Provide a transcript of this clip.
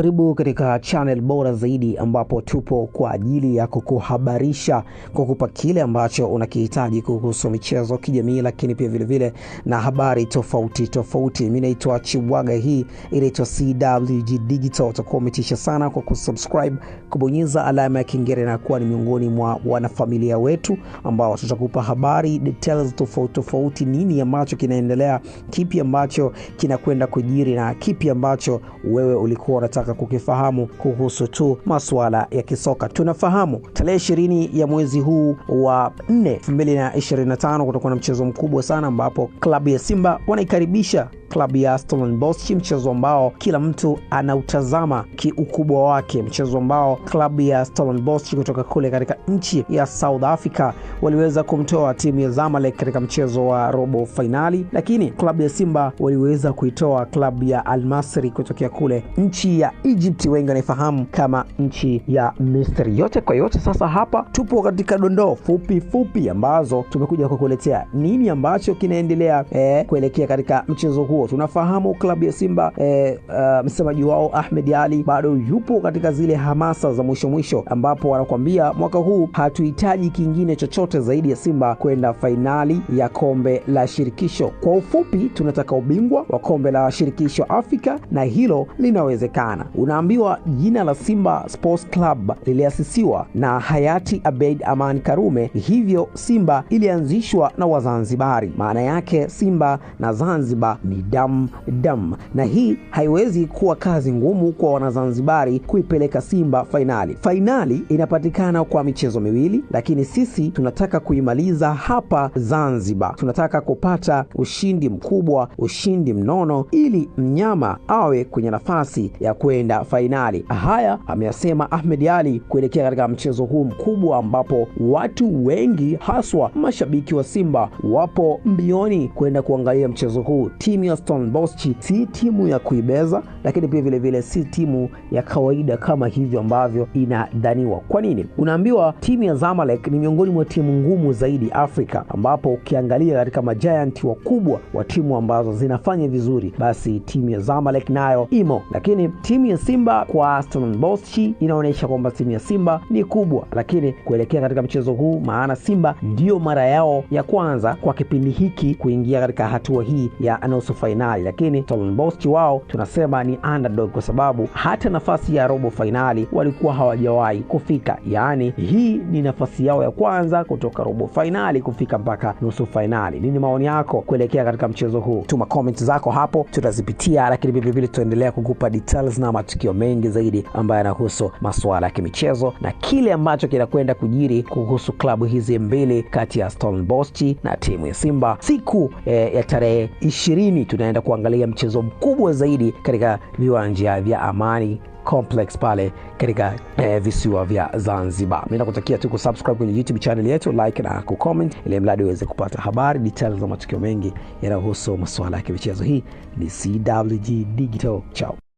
Karibu katika channel bora zaidi ambapo tupo kwa ajili ya kukuhabarisha, kukupa kile ambacho unakihitaji kuhusu michezo, kijamii, lakini pia vilevile na habari tofauti tofauti. Mimi naitwa chiwaga hii inaitwa CWG Digital. Utakuwa umetisha sana kwa kusubscribe, kubonyeza alama ya kengele na kuwa ni miongoni mwa wanafamilia wetu ambao tutakupa habari details tofauti tofauti, nini ambacho kinaendelea, kipi ambacho kinakwenda kujiri na kipi ambacho wewe ulikuwa unataka kutaka kukifahamu kuhusu tu masuala ya kisoka. Tunafahamu tarehe ishirini ya mwezi huu wa 4 2025 kutakuwa na mchezo mkubwa sana ambapo klabu ya Simba wanaikaribisha klabu ya Stellenbosch, mchezo ambao kila mtu anautazama kiukubwa wake, mchezo ambao klabu ya Stellenbosch kutoka kule katika nchi ya South Africa waliweza kumtoa timu ya Zamalek katika mchezo wa robo fainali, lakini klabu ya Simba waliweza kuitoa klabu ya Almasri kutokea kule nchi ya Egypt, wengi wanaifahamu kama nchi ya Misri. Yote kwa yote, sasa hapa tupo katika dondoo fupi fupi ambazo tumekuja kukuletea nini ambacho kinaendelea eh, kuelekea katika mchezo huu huo. Tunafahamu klabu ya Simba e, uh, msemaji wao Ahmed Ali bado yupo katika zile hamasa za mwisho mwisho, ambapo wanakuambia mwaka huu hatuhitaji kingine chochote zaidi ya Simba kwenda fainali ya kombe la shirikisho. Kwa ufupi, tunataka ubingwa wa kombe la shirikisho Afrika na hilo linawezekana. Unaambiwa jina la Simba Sports Club liliasisiwa na hayati Abeid Aman Karume, hivyo Simba ilianzishwa na Wazanzibari. Maana yake Simba na Zanzibar ni dam dam, na hii haiwezi kuwa kazi ngumu kwa Wanazanzibari kuipeleka Simba fainali. Fainali inapatikana kwa michezo miwili, lakini sisi tunataka kuimaliza hapa Zanzibar. Tunataka kupata ushindi mkubwa, ushindi mnono, ili mnyama awe kwenye nafasi ya kwenda fainali. Haya ameyasema Ahmed Ali kuelekea katika mchezo huu mkubwa ambapo watu wengi haswa mashabiki wa Simba wapo mbioni kwenda kuangalia mchezo huu. Timu ya Aston Boschi si timu ya kuibeza lakini pia vilevile si timu ya kawaida kama hivyo ambavyo inadhaniwa. Kwa nini? Unaambiwa timu ya Zamalek ni miongoni mwa timu ngumu zaidi Afrika, ambapo ukiangalia katika majianti wakubwa wa timu ambazo zinafanya vizuri, basi timu ya Zamalek nayo imo, lakini timu ya Simba kwa Stellenbosch inaonyesha kwamba timu ya Simba ni kubwa, lakini kuelekea katika mchezo huu, maana Simba ndiyo mara yao ya kwanza kwa kipindi hiki kuingia katika hatua hii ya nusu fainali, lakini Stellenbosch wao tunasema ni underdog kwa sababu hata nafasi ya robo fainali walikuwa hawajawahi kufika, yaani hii ni nafasi yao ya kwanza kutoka robo fainali kufika mpaka nusu fainali. Nini maoni yako kuelekea katika mchezo huu? Tuma comment zako hapo, tutazipitia, lakini vilevile tutaendelea kukupa details na matukio mengi zaidi ambayo yanahusu masuala ya kimichezo na kile ambacho kinakwenda kujiri kuhusu klabu hizi mbili kati ya Stellenbosch na timu ya Simba siku eh, ya tarehe ishirini tunaenda kuangalia mchezo mkubwa zaidi katika viwanja vya Amani complex pale katika eh, visiwa vya Zanzibar. Mimi nakutakia tu kusubscribe kwenye YouTube channel yetu, like na kucomment, ili mradi uweze kupata habari details za matukio mengi yanayohusu masuala ya kimichezo. Hii ni CWG Digital. Chao.